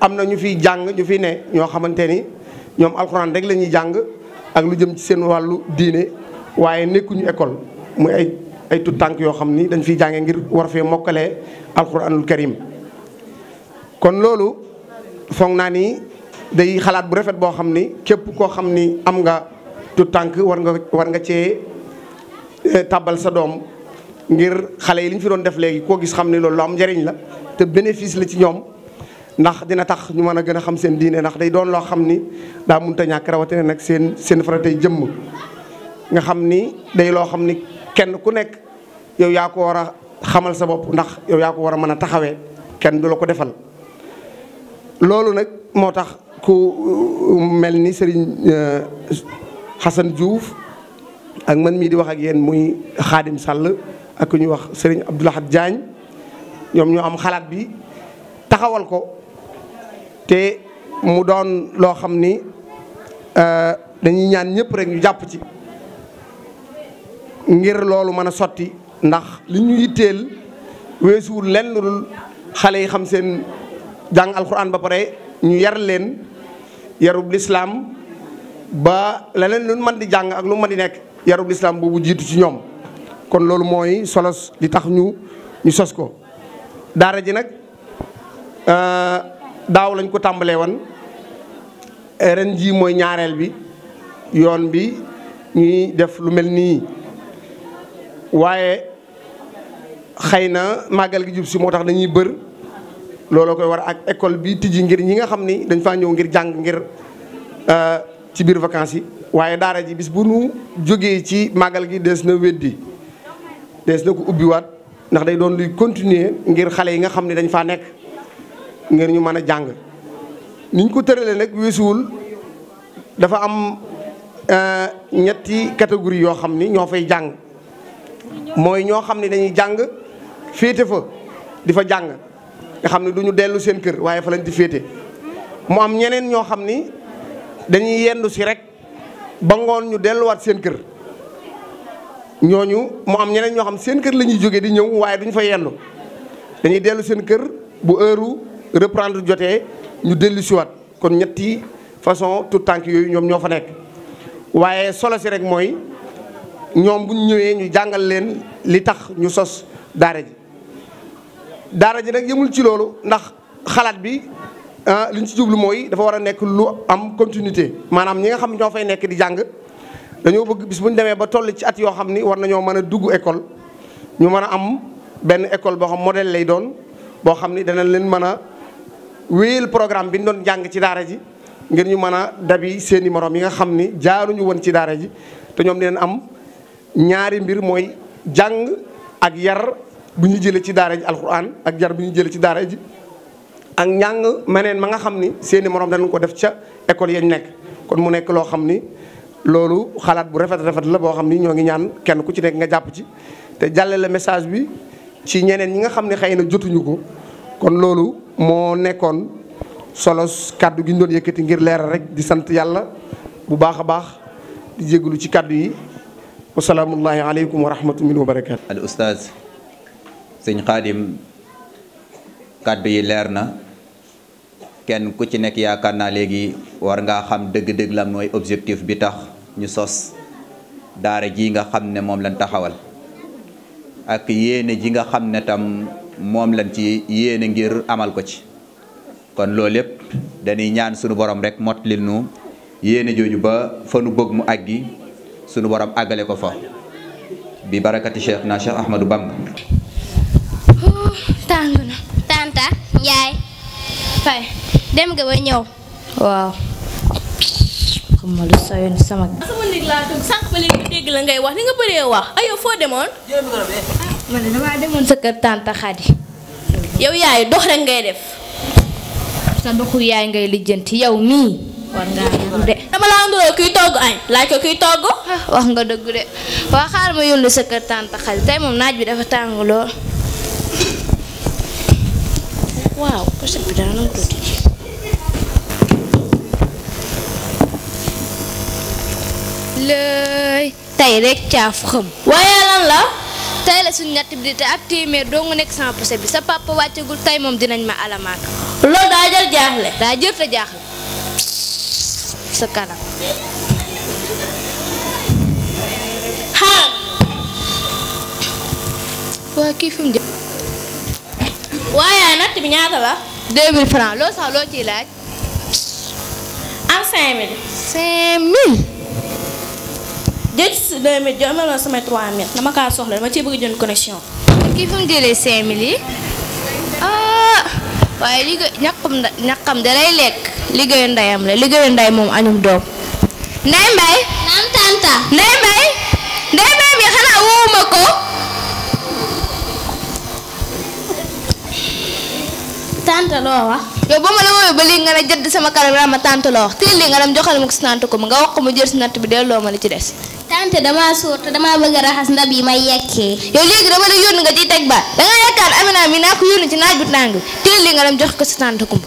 am na ñu fiy jàng ñu fi ne ñoo xamante ni ñoom alxuraan rek lañuy jàng ak lu jëm ci seen wàllu diine waaye nekkuñu école muy ay ay tànk yoo xam ni dañ fiy jàngee ngir war fee mokkalee alxuraanul karim kon loolu foog naa ni day xalaat bu rafet boo xam ni képp koo xam ni am nga tut tànk war nga war nga cee eh, tàbbal sa doom ngir xale yi li fi doon def léegi koo gis xam ni loolu lu am njariñ la te bénéfice la ci ñoom ndax dina tax ñu mën a gën a xam seen diine ndax day doon loo xam ni daa mënut a ñàkk rawatina nag seen seen faratay jëmm nga xam ni day loo xam ni kenn ku nekk yow yaa ko war a xamal sa bopp ndax yow yaa ko war a mën a taxawee kenn du la ko defal. loolu nag moo tax ku uh, mel ni sëriñ uh, Xasan Diouf ak man mii di wax ak yéen muy Xaadim Sall ak ku ñuy wax Serigne Abdoulahad jaañ ñoom ñu am xalaat bi taxawal ko. te mu doon loo xam ni euh, dañuy ñaan ñëpp rek ñu jàpp ci ngir loolu mën a sotti ndax li ñu yitteel weesuwul lenn lu xale yi xam seen jàng alxuraan ba pare ñu yar leen yarub lislaam ba leneen lu mën di jàng ak lu mën di nekk yarub lislaam boobu jiitu ci ñoom kon loolu mooy solos li tax ñu ñu sos ko daara ji nag euh, daaw lañ ko tàmbalee woon eh, ren jii mooy ñaareel bi yoon bi ñuy def lu mel nii waaye xëy na màggal gi jub si moo tax dañuy bër looloo koy war ak école bi tijji ngir ñi nga xam ni dañ faa ñëw ngir jàng ngir eh, ci biir vacances yi waaye daara ji bis bu nu jógee ci màggal gi des na weddi des na ko ubbiwaat ndax day doon luy continuer ngir xale yi nga xam ne dañ faa nekk ngir ñu mën a jàng niñ ko tëralee nag weesuwul dafa am eh, ñetti catégorie yoo xam ni ñoo fay jàng mooy ñoo xam ne dañuy jàng féete fa di fa jàng xam ne du ñu dellu seen kër waaye fa lañ di féete mu am ñeneen ñoo xam ni dañuy yendu si rek ba ngoon ñu delluwaat seen kër ñooñu mu am ñeneen ñoo xam seen kër lañuy jóge di ñëw waaye duñ fa yendu dañuy dellu seen kër bu heure reprendre jotee ñu dellu siwaat kon ñetti façon tout tànk yooyu ñoom ñoo fa nekk waaye solo si rek mooy ñoom bu ñu ñëwee ñu jàngal leen li tax ñu sos daare ji daara ji nag yëmul ci loolu ndax xalaat bi ah, li ñu ci jublu mooy dafa war a nekk lu am continuité maanaam ñi nga xam ñoo fay nekk di jàng dañoo bëgg bis bu ñu demee ba toll ci at yoo xam ni war nañoo mën a dugg école ñu mën a am benn école boo xam modèle lay doon boo xam ni dana leen mën a wéyal programme bi ñu doon jàng ci daara ji ngir ñu mën a dabi seeni moroom yi nga xam ni jaaruñu woon ci daara ji te ñoom dinañ am ñaari mbir mooy jàng ak yar bu ñu jëlee ci daara ji alxuraan ak yar bu ñu jëlee ci daara ji ak njàng meneen ma nga xam ni seen i morom danañ ko def ca école yañ nekk kon mu nekk loo xam ni loolu xalaat bu rafet rafet la boo xam ni ñoo ngi ñaan kenn ku ci nekk nga jàpp ci te jàllale message bi ci ñeneen ñi nga xam ne xëy na jotuñu ko kon loolu moo nekkoon solos kàddu gi ñu doon yëkkati ngir leeral rek di sant yàlla bu baax a baax di jégalu ci kàddu yi wasalaamullahi aleykum wa rahmatullahi wa barakaatu al oustaz sëñ xaadim kàddu yi leer na kenn ku ci nekk yaakaar naa léegi war ngaa xam dëgg-dëgg lan mooy objectif bi tax ñu sos daara ji nga xam ne moom lañ taxawal ak yéene ji nga xam ne moom lañ ci yéene ngir amal ko ci kon loolu lépp dañuy ñaan sunu borom rek mottalil nu yéene jooju ba fa nu bëgg mu àggi sunu borom àggale ko fa bi barakati cheikh na cheikh Ahmadou Bamba. tàng na tanta Njaay dem nga ba ñëw waaw. xam nga lu sooyoon sama. Ah, sama néeg laa toog sànq ba léegi dégg la ngay wax ni nga bëree wax ayo foo demoon. man de damaa demoon sa kër tante Khady. yow yaay dox rek ngay def. sa doxu yaay ngay lijjanti yow mii war ngaa yem de. kuy togg añ laaj ko kuy togg. Ah, wax nga dëgg de waa xaar ma yónni sa kër tante Khady tey moom naaj bi dafa tàng lool. waaw pochette bi caaf xam. waaye lan la. tey la suñu natt bi di te ab téeméer doo nga nekk sama posé bi sa papa wàccegul tey moom dinañ ma alamaan loolu daa jël jaaxle daa jër te jaaxle sa kanam xaar waa kii fi mu jë waaye natt bi ñaata la 2000 francs loo sax loo ciy laaj am 5000 5000 jël si 2000 jox ma la sama 3000 dama kaa soxla dama cee bëgg jënd connexion. kii fu mu jëlee 5000 ah, waaye liggéey ñàkkam da ñàkkam da lekk liggéeyu ndeyam la liggéeyu ndey moom añum doom. Ndeye Mbaye. naam tanta. Ndeye Mbaye. Ndeye Mbaye bi xanaa woowuma ko. tante wax. yow ba ma la wooyoo ba léegi nga ne jënd sama kanam ma tante loo wax teel léegi nga dem joxal ma ko si tante ko mu nga wax ko jël si natt bi delloo ma li ci des. wante damaa sóor te damaa bëgg raxas ndab yi may yekkee yow léegi dama la yónni nga ci teg baat da nga yaakaar Amina mi naa ko yónni ci naaj bu tàng teel li nga dem jox ko si tante Kumba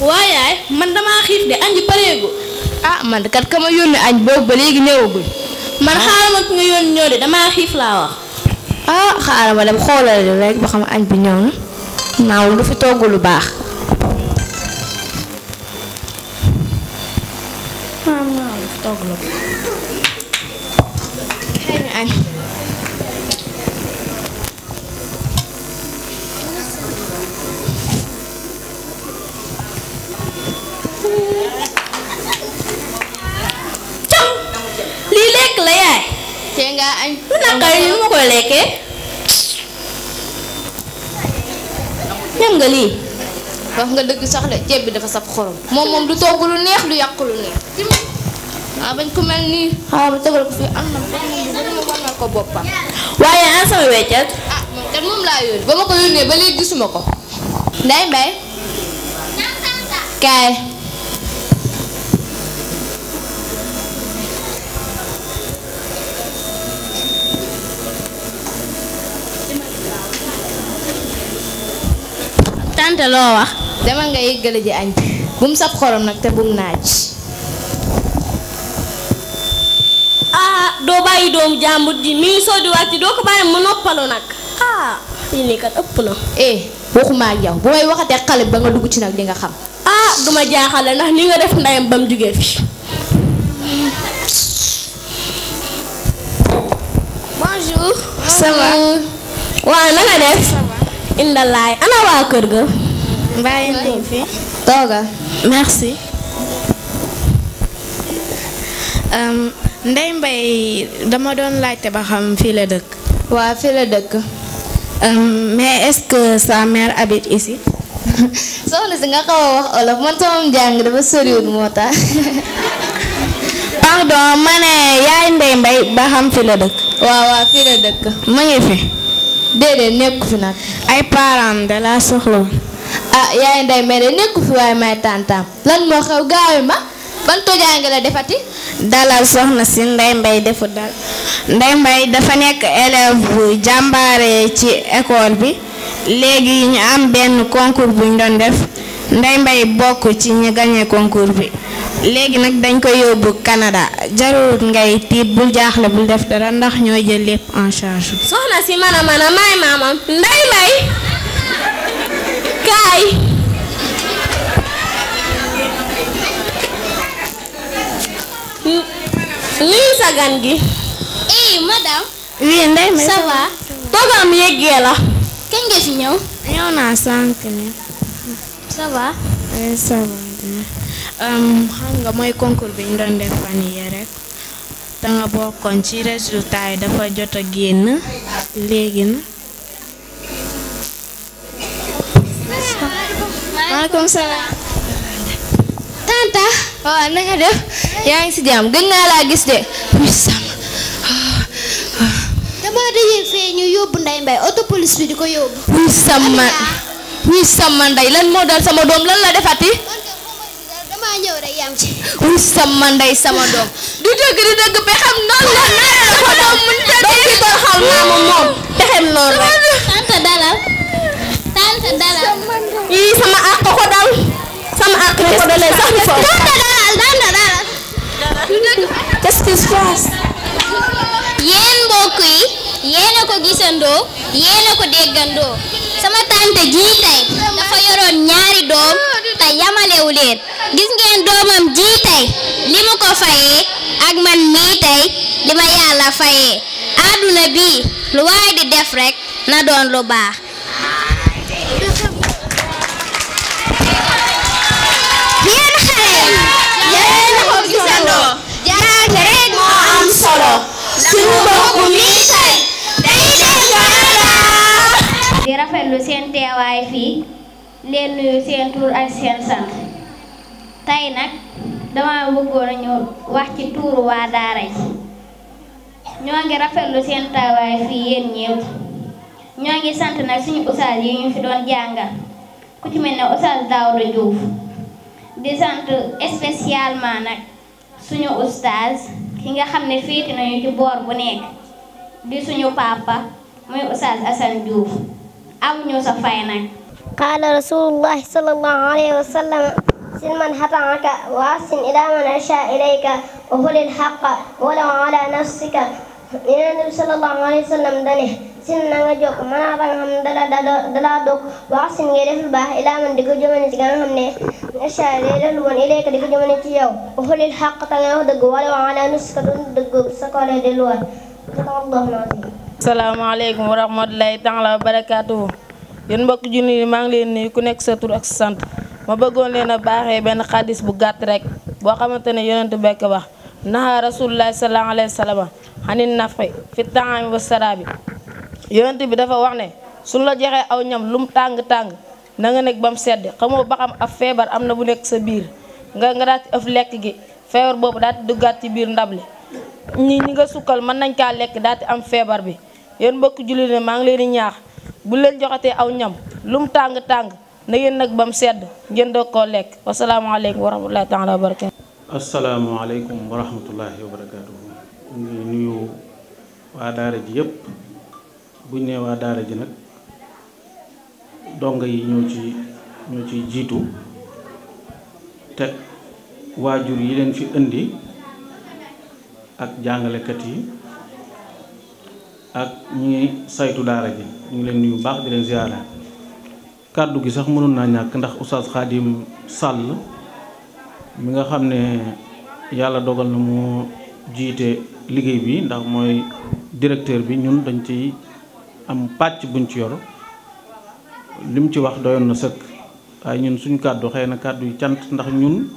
waaye man damaa xiif de añ ah, ba léegi ñëwagul man ah. xaaral ma ki nga yónni ñëw de damaa xiif laa wax ah xaaral ma dem xoolal rek ba xam añ bi ñëw naaw lu fi togg lu baax togg na añ lii lekk la yaay te nga añ lu naqari li ma koy lekkee ñam nga lii wax nga dëgg sax la ceeb bi dafa saf xorom moom moom du togg lu neex lu yàq neex ah bañ ko mel nii xaw ah, ma tegal ko fii am na benn bu ma mën ko boppam. waaye an sama weccat. ah man kat moom laa wax. dama nga yëggale ji añ. bu mu sab xorom nag te bu naaj. ay doomu jàmbur di mi ngi di doo ko bàyyi mu noppalu nag ah lii nii kat ëpp na. eh waxuma ak yow bu may waxatee xale ba nga dugg ci nag li nga xam. ah du ma jaaxale ndax ni nga def ndeyam ba mu jugee fi. bonjour. waaw na def. indalaay ana kër ga. bàyyi merci. Euh, Ndeye Mbaye dama doon laajte ba xam fii la dëkk. waaw fii la dëkk. Euh, mais est-ce que sa mère habite ici. soxna si nga xaw a wax olof man sama njàng dafa soriwul moo tax. pardon ma ne yaay Ndeye Mbaye ba xam fii la dëkk. waaw waaw fii la dëkk. mu fi. déedéet nekku fi nag. ay parents de la soxla. ah yaay Ndeye Mbaye de nekku fi waaye may tàntaam lan moo xew gaawe ma. ban tojaange la defati. dalal soxna si Ndeye Mbaye defu dal Ndeye Mbaye dafa nekk élève bu jàmbaare ci école bi léegi ñu am benn concours bu ñu doon def Ndeye Mbaye bokk ci ñu gagné concours bi léegi nag dañ ko yóbbu Canada jarul ngay tiit bul jaaxle bul def dara ndax ñoo jël lépp en soxna si mana mana maay maamam Ndeye Mbaye kaay. lii sa gi. eh madame. oui Ndeye Mbaye ça va. la. kañ nga fi ñëw. ñëw naa sànq ne. ça va. oui eh, ça xam nga mooy concours bi ñu doon def fan yii rek. da nga bokkoon ci résultat yi dafa jot a génn. léegi na. maaleykum salaam. tanta waaw ah, na def yaa ngi si jàmm gëj naa laa gis de wuy sama ah, ah. dama di ko yóbbu wuy sama sama nday lan moo dal sama doom lan la defati dama ñëw sama nday sama doom du dëgg du dëgg ba xam noonu la is mbokk yi yéen a ko gisandoo yéen a ko déggandoo sama tante jii tey dafa yoroon ñaari doom te yamalewu gis ngeen doomam jii tey li mu ko fayee ak man mii tey li ma yàlla fayee àdduna bi lu waay di def rek na doon lu baax. ci mbokk mii tey day def gàllankoor. di rafetlu seen teewaay fii leen nuyu seen tur ak seen sant tey nag dama bëggoon a ñëw wax ci tuuru waa daara yi ñoo ngi rafetlu seen teewaay fii yéen ñëpp ñoo ngi sant nag suñu ustaas yi ñu fi doon jàngal ku ci mel ne ustaas Daouda Diouf di sant spécialement nag suñu ustaas. ki nga xam ne féete nañu ci boor bu nekk di suñu papa muy Oustaz Assane Diouf amuñu sa fay nag qaala rasulullahi sallallahu alayhi wa sallam sin man xataaka wa ahsin ila man wa xulil xaqa walaw ala bi sallallahu alayhi wa sin na nga jokk mën a ba nga xam ne dala dog wax sin ngay def baax ilaa man di ko jëmale ci nga xam ne incha allah def lu bon ilayka di ko jëmale ci yow waxulil xaq te nga dëgg wala wax ala yi maa ngi leen nuyu ku nekk sa tur ak sa sant ma bëggoon leen a baaxee benn bu gàtt rek boo xamante ne yonentu bekk wax naha rasulullahi sallallahu alayhi wa sallam xanin nafqi fi taami yonent bi dafa wax ne suñ la joxee aw ñam lum tàng-tàng na nga nekk ba mu sedd xamoo ba xam ab feebar am na bu nekk sa biir nga nga daal di ëf lekk gi feebar boobu daal di duggaat ci biir ndab li ñi ñi nga sukkal mën nañ kaa lekk daal di am feebar bi yéen mbokk jullit ne maa ngi leen di ñaax bu leen joxatee aw ñam lum tàng-tàng na ngeen nag ba mu sedd ngeen doog koo lekk wasalaamaaleykum wa rahmatullahi taala wa barakatu asalaamaaleykum wa rahmatullahi buñ nee waa daara ji nag dongo yi ñoo ci ñoo ciy jiitu teg waajur yi leen fi indi ak jàngalekat yi ak ñi saytu daara ji ñu ngi leen nuyu baax di leen ziyaara kàddu gi sax mënoon naa ñàkk ndax Oustaz Khadim Sall mi nga xam ne yàlla dogal na mu jiite liggéey bi ndax mooy directeur bi ñun dañ ciy am pàcc buñ ci yor li mu ci wax doyoon na sëkk waaye ñun suñ kàddu xëy na kàddu yu cant ndax ñun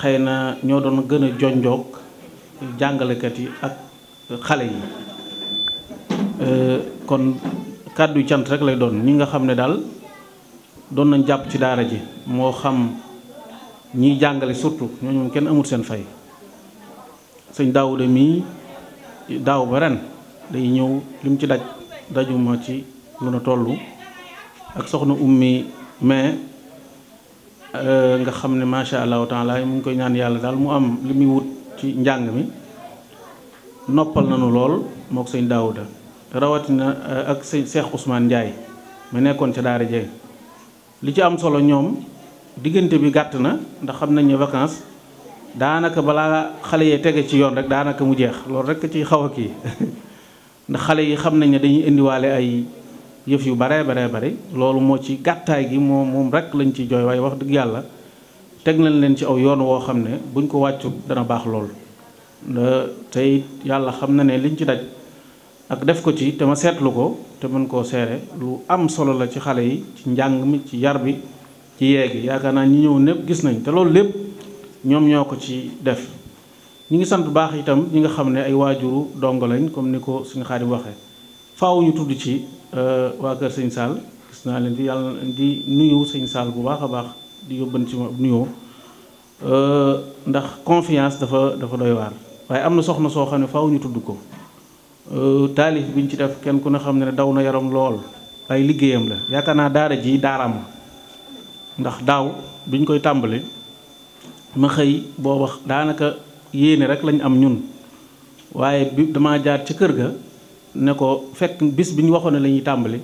xëy na ñoo doon gën a jonjoog jàngalekat yi ak xale yi euh, kon kàddu yu cant rek lay doon ñi nga xam ne daal doon nañ jàpp ci daara ji moo xam ñiy jàngale surtout ñooñu kenn amut seen fay sëñ Daawuda mii daaw ba ren day ñëw li lim ci daj dajuma ci lu na toll ak soxna ummi mais euh, nga xam ne macha allahu taala mu ngi koy naan yàlla daal mu am li muy wut ci njàng mi noppal nanu lool mook sëñ Daawuda rawatina euh, ak sëñ Seex Ousmane Ndiaye mu nekkoon ca daara jeey li ci am solo ñoom diggante bi gàtt na ndax xam nañ ne vacances daanaka balaa xale yee tege ci yoon rek daanaka mu jeex loolu rek ci xaw a kii ndax xale yi xam nañ ne dañuy indiwaale ay yëf yu baree baree bari loolu moo ci gàttaay gi moom moom rek lañu ci jooy waaye wax dëgg yàlla teg nañ leen ci aw yoon woo xam ne buñ ko wàccu dana baax lool. tey yàlla xam na ne liñ ci daj ak def ko ci te ma seetlu ko te mën koo seere lu am solo la ci xale yi ci njàng mi ci yar bi ci yeegi yaakaar naa ñi ñëw népp gis nañ te loolu lépp ñoom ñoo ko ci def. ñu ngi sant bu baax itam ñi nga xam ne ay waajuru dongo lañ comme ni ko suñu xaadim waxee faaw ñu tudd ci euh, waa kër sëñ Sall gis naa leen di yàlla di nuyu sëñ Sall bu baax a baax di yóbban ci nuyoo euh, ndax confiance dafa dafa doy waar waaye am na soxna soo xam ne faw ñu tudd ko euh, taalif biñ ci def kenn ku ne xam ne daw na yaram lool waaye liggéeyam la yaakaar naa daara ji daaraam ndax daaw biñ koy tàmbali ma xëy booba daanaka yéene rek lañ am ñun waaye bi dama jaar ci kër ga ne ko fekk bis bi ñu waxoon ne la tàmbali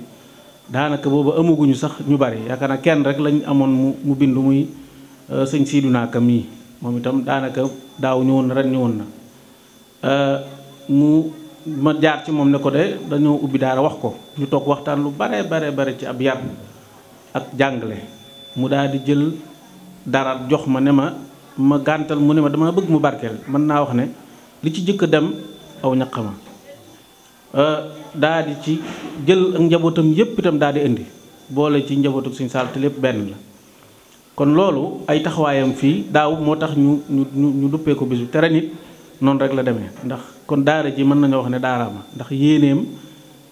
daanaka boobu amaguñu sax ñu bari yaakaar naa kenn rek lañu amoon mu mu bind muy euh, sëñ siidu naa kam yi moom itam daanaka daaw ñëwoon na ren ñëwoon na euh, mu ma jaar ci moom ne ko de dañoo ubbi daara wax ko ñu toog waxtaan lu bare bare bare ci ab yar ak jàngale mu daal di jël dara jox ma ne ma ma gàntal mu ne ma dama bëgg mu barkeel mën naa wax ne li ci jëkk dem aw ñaqama euh, daa di ci jël ak njabootam yépp itam daa di indi boole ci njabootu suñu saal te lépp benn la kon loolu ay taxawaayam fii daaw moo tax ñu ñu ñu duppee ko bis tere nit noonu rek la demee ndax kon daara ji mën nañoo wax ne daaraama ndax yéeneem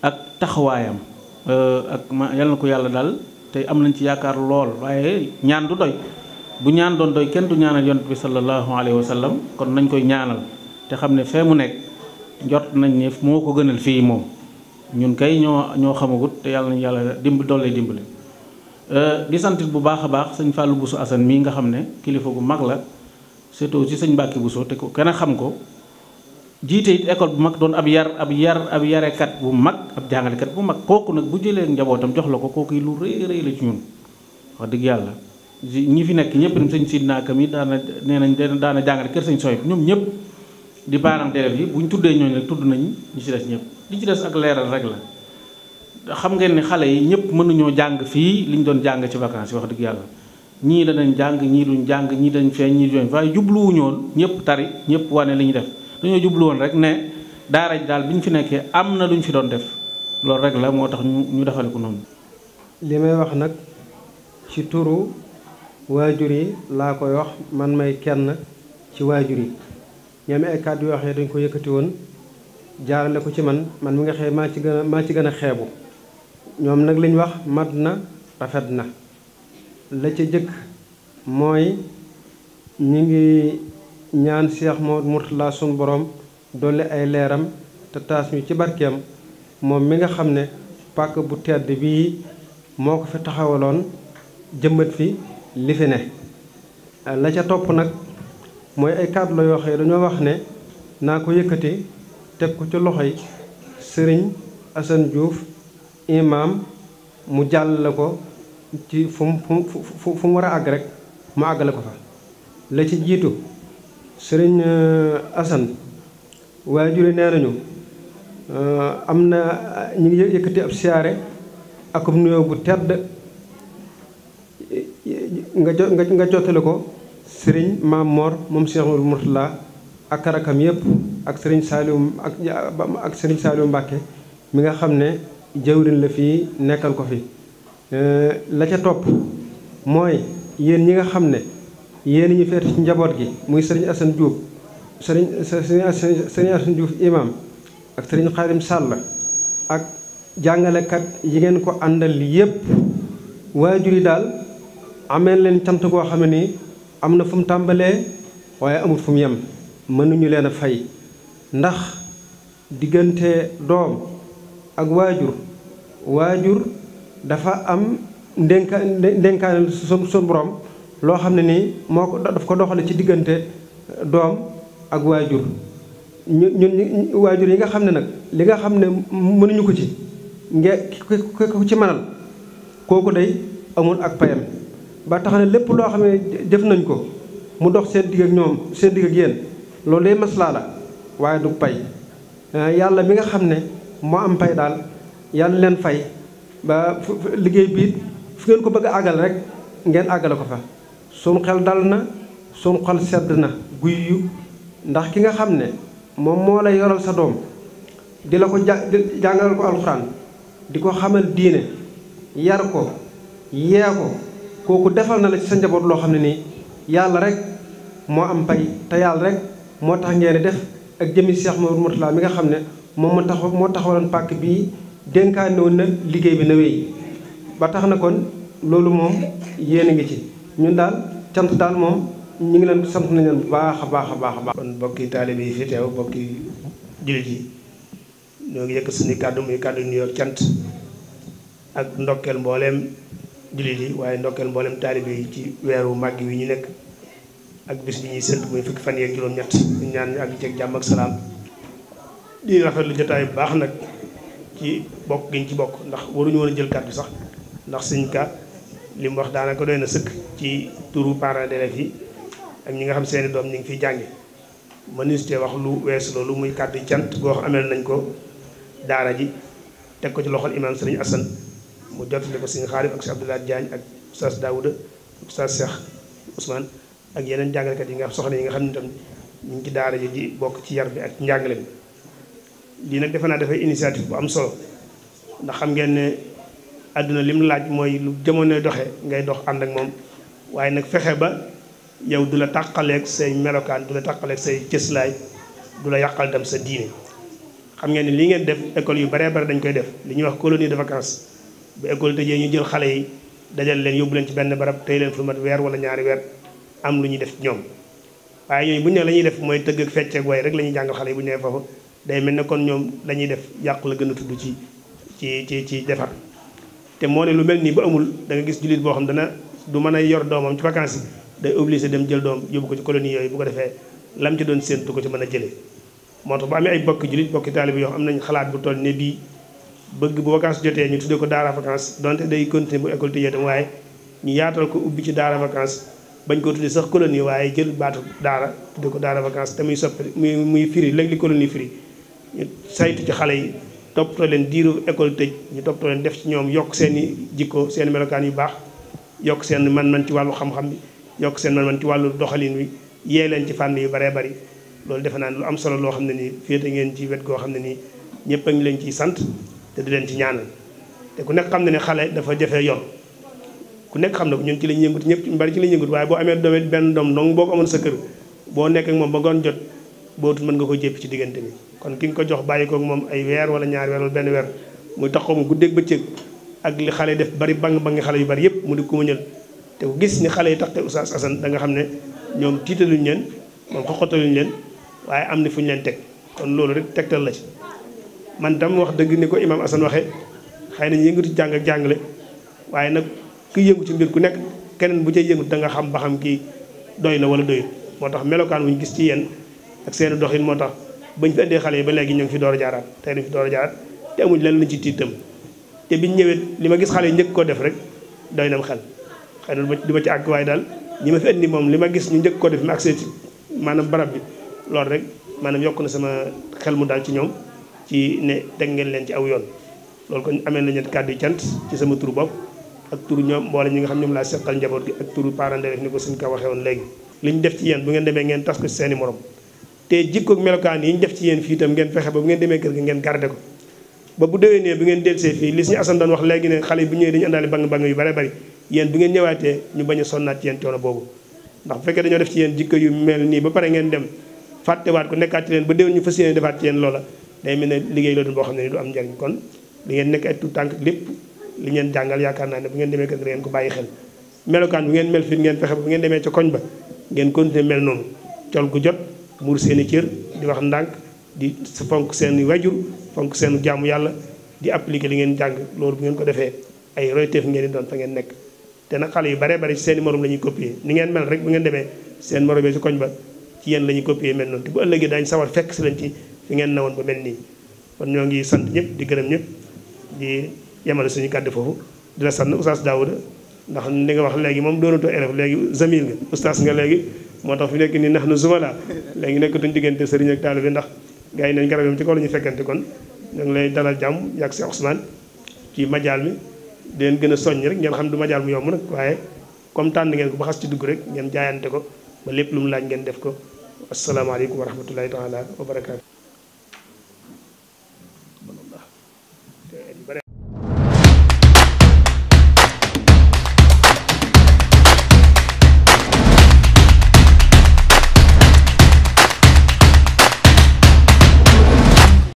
ak taxawaayam euh, ak ma yal na ko yàlla daal te am nañ ci yaakaar lool waaye ñaan du doy bu ñaan doon doy kenn du ñaanal yonent bi sallallahu alayhi wa sallam kon nañ koy ñaanal te xam ne fee mu nekk njort nañ ne moo ko gënal fii moom ñun kay ñoo ñoo xamagut te yàlla nañ yàlla dimb doole dimbali. Euh, di santit bu baax a baax sëñ fàllu busu Assane mii nga xam ne kilifa gu mag la surtout ci sañ Mbacke Bousso te ko kenn xam ko jiite it école bu mag doon ab yar ab yar ab yarekat bu mag ab jàngalekat bu mag kooku nag bu jëlee njabootam jox la ko kooku lu rëy wax dëgg yàlla. ñi fi nekk ñëpp dem sëñ Sidna Ka mi daana nee nañ daana jàngale kër sëñ Soy ñoom ñëpp di parents d'élèves yi bu ñu tuddee ñooñu rek tudd nañ ñu ci ñëpp li ci des ak leeral rek la xam ngeen ne xale yi ñëpp mënuñoo jàng fii li ñu doon jàng ci vacances wax dëgg yàlla ñii danañ jàng ñii duñ jàng ñii dañ feeñ ñii duñ waaye jubluwuñoon ñëpp tari ñëpp wane li ñu def dañoo jubluwoon rek ne daara ji daal bi ñu fi nekkee am na lu ñu fi doon def loolu rek la moo tax ñu ñu defale ko noonu li may wax nag ci turu waajur yi laa koy wax man may kenn ci waajur yi ñoom ay kàddu yoo xam dañ ko yëkkati woon jaarale ko ci man man mi nga xëy maa ci gën a maa ci gën a xeebu ñoom nag liñ wax mat na rafet na la ci jëkk mooy ñi ngi ñaan Cheikh moo Mourtala sunu borom dolli ay leeram te taas ñu ci barkeem moom mi nga xam ne pàkk bu tedd bii moo ko fi taxawaloon jëmbat fi li fi ne la ca topp nag mooy ay kàddu la yoo xam ne dañoo wax ne naa ko yëkkati teg ko ci yi sëriñ Assane Diouf imam mu jàll la ko ci fu fu fu mu war a àgg rek mu àggale ko fa la ci jiitu sëriñ euh, Assane waajur yi nee nañu euh, am na ñu ngi yëkkati ab siyaare akum nuyoo bu tedd nga jo nga jottali ko sëriñ maam Mor moom Cheikhul Mourtala ak karakam yëpp ak sëriñ Saliou ak ak sëriñ Saliou mi nga xam ne jëwrin la fii nekkal ko fi euh, la ca topp mooy yéen ñi nga xam ne yéen ñu feet ci njaboot gi muy sëriñ Assane Diouf sëriñ sëriñ Assane Diouf ak sëriñ Xaadim Sall ak jàngalekat yi ngeen ko àndal yëpp waajur yi daal amee leen cant goo xam ne nii am na fu mu tàmbalee waaye amul fu mu yem mënuñu leen a fay ndax diggante doom ak waajur waajur dafa am ndénka ndénkaane sun sun borom loo xam ne nii moo ko daf ko doxale ci diggante doom ak waajur ñu ñun waajur yi nga xam ne nag li nga xam ne mënuñu ko ci nge ku ci mënal kooku day amul ak payam ba tax na lépp loo xam ne jëf nañ ko mu dox seen digg ak ñoom seen digg ak yéen loolu day maslaa la waaye du pay euh, yàlla mi nga xam ne moo am pay daal yàlla leen fay ba liggéey biit fu ngeen ko bëgg a àggal rek ngeen àggale ko fa suñ xel dal na suñ xol sedd na guy ndax ki nga xam ne moom moo lay yoral sa doom di la ko ja ko alxuraan di ko xamal diine yar ko yee kooku defal na la ci sa njaboot loo xam ne nii yàlla rek moo am pay te yàlla rek moo tax ngeen def ak jëmi Cheikh Mamadou Mourtala mi nga xam ne moom moo tax moo taxawaloon pàkk bii dénkaane woon na liggéey bi na wéy ba tax na kon loolu moom yéen a ngi ci ñun daal cant daal moom ñu ngi leen sant nañ leen bu baax a baax a baax a baax. kon bokki taalibe yi fi teew bokki jullit yi ñoo ngi yëkk suñu kàddu muy kàddu nuyoo cant ak ndokkeel mbooleem. jullit yi waaye ndokkeel mboolem taalibe yi ci weeru màgg wi ñu nekk ak bis yi ñuy sënt muy fukki fan yeeg juróom-ñett ñu ñaan ñu àgg ceeg jàmm ak salaam di bu baax nag ci bokk giñ ci bokk ndax waruñu woon a jël kàddu sax ndax suñ ka li mu wax daanaka doy na sëkk ci turu parents d'élèves yi ak ñi nga xam seeni doom ñu ngi fiy jànge mënuñu cee wax lu weesu loolu muy kàddu cant goo xam ameel nañ ko daara ji teg ko ci loxol imam sëriñ assan bu mu jottali ko sëñ Xaalif ak sëñ Abdoulaye Diagne ak oustaz Daouda oustaz Cheikh Ousmane ak yeneen jàngalekat yi nga soxla yi nga xam ne tam ñu ngi ci daara ji ji bokk ci yar bi ak njàngale bi lii nag defe naa dafay initiative bu am solo ndax xam ngeen ne àdduna lim laaj mooy lu jamonoy doxe ngay dox ànd ak moom waaye nag fexe ba yow du la tàqaleeg say melokaan du la tàqaleeg say cëslaay du la yàqal dem sa diine xam ngeen ne li ngeen def ecole yu bare bari dañ koy def li ñuy wax colonie de vacances bu école tëjee ñu jël xale yi dajal leen yóbbu leen ci benn barab tey leen fu mat weer wala ñaari weer am lu ñuy def ñoom waaye ñooñu bu ñu ne la ñuy def mooy tëgg ak fecc way rek la ñuy jàngal xale yi bu ñu nee foofu day mel ne kon ñoom la def yàqu la gën a tudd ci ci ci ci defar te moo ne lu mel nii ba amul da nga gis jullit boo xam dana du mën a yor doomam ci vacances yi day obligé dem jël doom yóbbu ko ci colonie yooyu bu ko defee lam ci doon séentu ko ci mën a jëlee moo tax bu amee ay bokki jullit bokki taalibe yoo xam am nañ xalaat bu toll ne bii bëgg bu vacance jotee ñu tuddee ko daara vacance donte day continuer bu école tëjee tam waaye ñu yaatal ko ubbi ci daara vacance bañ ko tuddee sax colonie waaye jël baatu daara tuddee ko daara vacance te muy soppi muy muy firi li colonie firi ñu saytu ci xale yi topp leen diiru école tëj ñu topp leen def ci ñoom yokk seen i jikko seen melokaan yu baax yokk seen man-man ci wàllu xam-xam bi yokk seen man-man ci wàllu doxalin wi yee leen ci fànn yu baree bari loolu defe naa lu am solo loo xam ne nii féete ngeen ci wet xam ne nii ñëpp a leen ciy sant te di leen ci ñaanal te ku nekk xam ne ne xale dafa jafe yoon ku nekk xam ne na ñun ci lañ yëngut ñëpp ci bari ci lañ yëngut waaye boo amee doom benn doom dong boo ko amoon sa kër boo nekk moom ba ngoon jot bootul mën nga ko jépp ci diggante bi kon ki nga ko jox bàyyi ko moom ay weer wala ñaari weer wala benn weer muy taxaw mu guddeeg bëccëg ak li xale def bari bang bangi xale yu bari yëpp mu di ko muñal te ku gis ni xale yi tax te Oustaz Assane da nga xam ne ñoom tiitaluñ leen moom xoxotaluñ leen waaye am na fu ñu leen teg kon loolu rek tegtal la ci man tam wax dëgg ni ko imaam Assane waxee xëy nañ yëngatu ci jàng ak jàngale waaye nag ki yëngu ci mbir ku nekk keneen bu cay yëngut da nga xam ba xam kii doy na wala doyut moo tax melokaan ñu gis ci yéen ak seen doxin moo tax bañ fi indee xale yi ba léegi ñu ngi fi door a jaaraat tey ñu fi door a jaaraat te amuñ lan lañ ci tiitam te biñ ñëwee li ma gis xale yi njëkk koo def rek doy nam xel xëy na du ma ci àgg waaye daal ñi ma fi indi moom li ma gis ñu njëkk koo def ma accès maanaam barab bi loolu rek maanaam yokk na sama xel mu daal ci ñoom ci ne teg ngeen leen ci aw yoon loolu kon amee nañu kàddu cant ci sama turu bopp ak turu ñoom mboole ñi nga xam ñoom laa seqal njaboot gi ak turu parents d'élèves ni ko suñ ko waxee léegi li ñu def ci yéen bu ngeen demee ngeen tas ko ci seeni morom te jikkoog ci yéen fii itam ngeen fexe ba bu ngeen demee kër gi ngeen garde ko ba bu déwénee bu ngeen delsee fii li suñu asan doon wax léegi ne xale bu ñëwee dañu àndaale bang bang yu bare bari yéen bu ngeen ñëwaatee ñu bañ a sonnaat ci yéen coono boobu ndax bu fekkee dañoo def ba pare ngeen dem fàttewaat ko nekkaat leen ba déwén ñu day mel ne liggéey la boo xam ne ni du am njariñ kon li ngeen nekk ay tu tànk lépp li ngeen jàngal yaakaar naa ne bu ngeen demee kër ngeen ko bàyyi xel melokaan bu ngeen mel fii ngeen fexe bu ngeen demee ca koñ ba ngeen continuer mel noonu col gu jot muur seen i cër di wax ndànk di fonk seen i wajur fonk seen jaamu yàlla di appliquer li ngeen jàng loolu bu ngeen ko defee ay royteef ngeen di doon fa ngeen nekk te na xale yi baree bari ci seen i morom la ñuy copier ni ngeen mel rek bu ngeen demee seen morom yi koñ ba ci yéen la ñuy copier mel noonu te bu ëllëgee daañu sawar fekk si leen ci fi ngeen newoon ba mel nii kon ñoo ngi sant ñëpp di gërëm ñëpp di yemale suñu kàddu foofu di la sant oustaz Daouda ndax li nga wax léegi moom doonatoo élève léegi zamil nga oustaz nga léegi moo tax fi nekk nii nax na zumala léegi nekkatuñ diggante sëriñ ak bi ndax gars yi nañ garab yam ci ko la ñu fekkante kon ñu ngi lay dalal jàmm yàgg si Ousmane ci majaal mi di leen gën a soññ rek ngeen xam du majaal mi yomb nag waaye comme tànn ngeen ko ba xas ci dugg rek ngeen jaayante ko lépp lu mu laaj ngeen def ko asalaamaaleykum wa rahmatullahi taala wa barakaatu